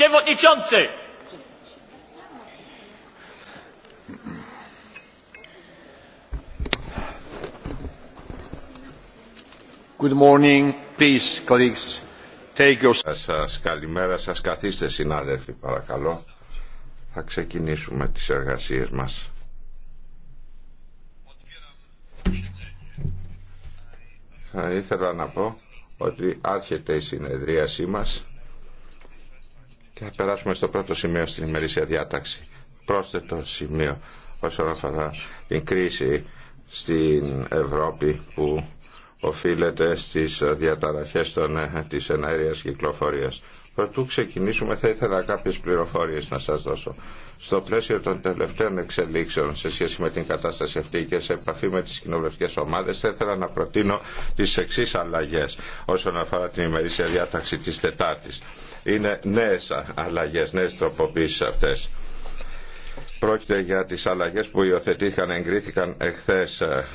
Przewodniczący! Good morning, please, Σας καλημέρα, σας καθίστε συνάδελφοι παρακαλώ. Θα ξεκινήσουμε τις εργασίες μας. Θα ήθελα να πω ότι άρχεται η συνεδρίασή μας και θα περάσουμε στο πρώτο σημείο στην ημερήσια διάταξη. Πρόσθετο σημείο όσον αφορά την κρίση στην Ευρώπη που οφείλεται στις διαταραχές των, ε, της εναέριας κυκλοφορίας. Πρωτού ξεκινήσουμε θα ήθελα κάποιες πληροφορίες να σας δώσω. Στο πλαίσιο των τελευταίων εξελίξεων σε σχέση με την κατάσταση αυτή και σε επαφή με τις κοινοβουλευτικέ ομάδες θα ήθελα να προτείνω τις εξή αλλαγές όσον αφορά την ημερήσια διάταξη της Τετάρτης. Είναι νέες αλλαγές, νέες τροποποίησεις αυτές. Πρόκειται για τις αλλαγές που υιοθετήθηκαν, εγκρίθηκαν εχθές ε,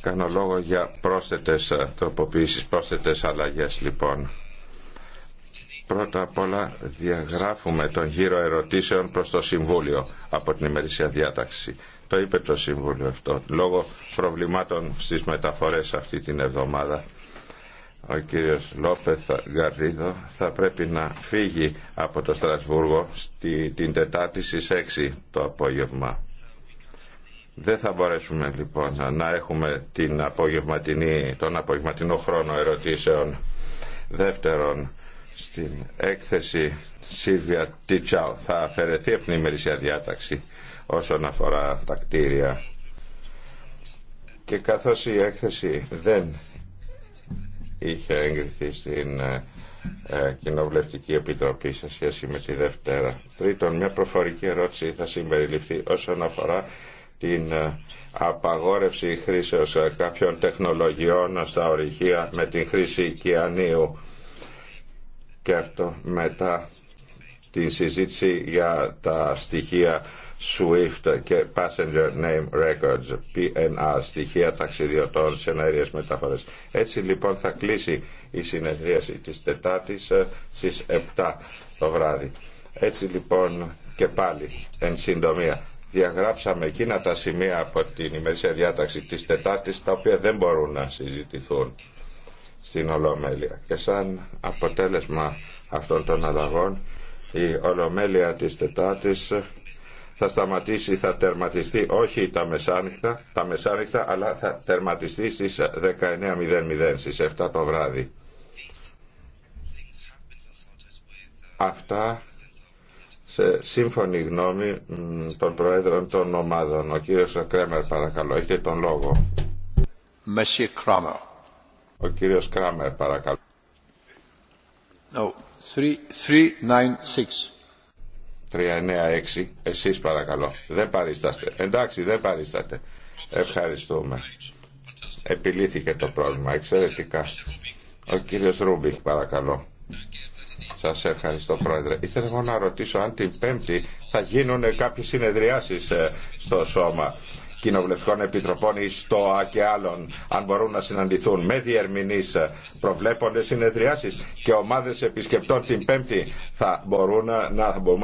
Κάνω λόγο για πρόσθετες ε, τροποποίησεις, πρόσθετες αλλαγές λοιπόν. Πρώτα απ' όλα διαγράφουμε τον γύρο ερωτήσεων προς το Συμβούλιο από την ημερησία διάταξη. Το είπε το Συμβούλιο αυτό, λόγω προβλημάτων στις μεταφορές αυτή την εβδομάδα. Ο κύριος Λόπεθ Γκαρδίδο θα πρέπει να φύγει από το Στρασβούργο στη, την Τετάρτη στις 6 το απόγευμα. Δεν θα μπορέσουμε λοιπόν να έχουμε την απογευματινή, τον απογευματινό χρόνο ερωτήσεων. Δεύτερον, στην έκθεση Σίλβια Τίτσαου θα αφαιρεθεί από την διάταξη όσον αφορά τα κτίρια και καθώς η έκθεση δεν είχε εγκριθεί στην ε, ε, Κοινοβουλευτική Επιτροπή σε σχέση με τη Δευτέρα. Τρίτον, μια προφορική ερώτηση θα συμπεριληφθεί όσον αφορά την ε, απαγόρευση χρήσεως κάποιων τεχνολογιών στα ορυχεία με την χρήση κιανίου και αυτό μετά την συζήτηση για τα στοιχεία SWIFT και Passenger Name Records, PNR, στοιχεία ταξιδιωτών σε αέριες μεταφορές. Έτσι λοιπόν θα κλείσει η συνεδρίαση της Τετάτης ε, στις 7 το βράδυ. Έτσι λοιπόν και πάλι εν συντομία διαγράψαμε εκείνα τα σημεία από την ημερήσια διάταξη της Τετάτης τα οποία δεν μπορούν να συζητηθούν στην Ολομέλεια. Και σαν αποτέλεσμα αυτών των αλλαγών η Ολομέλεια της Τετάρτης θα σταματήσει, θα τερματιστεί όχι τα μεσάνυχτα, τα μεσάνυχτα αλλά θα τερματιστεί στις 19.00, στις 7 το βράδυ. Αυτά σε σύμφωνη γνώμη των Προέδρων των Ομάδων. Ο κύριος Κρέμερ παρακαλώ, έχετε τον λόγο. Monsieur Kramer. Ο κύριος Κράμερ, παρακαλώ. No, 396. 396. Εσείς παρακαλώ. Δεν παρίσταστε. Εντάξει, δεν παρίστατε. Ευχαριστούμε. Επιλύθηκε το πρόβλημα. Εξαιρετικά. Ο κύριος Ρούμπιχ, παρακαλώ. Σας ευχαριστώ πρόεδρε. Ήθελα μόνο να ρωτήσω αν την Πέμπτη θα γίνουν κάποιες συνεδριάσεις ε, στο σώμα κοινοβουλευτικών επιτροπών ή ΣΤΟΑ και άλλων αν μπορούν να συναντηθούν με διερμηνείς προβλέπονται συνεδριάσεις και ομάδες επισκεπτών την Πέμπτη θα μπορούν να μπορούμε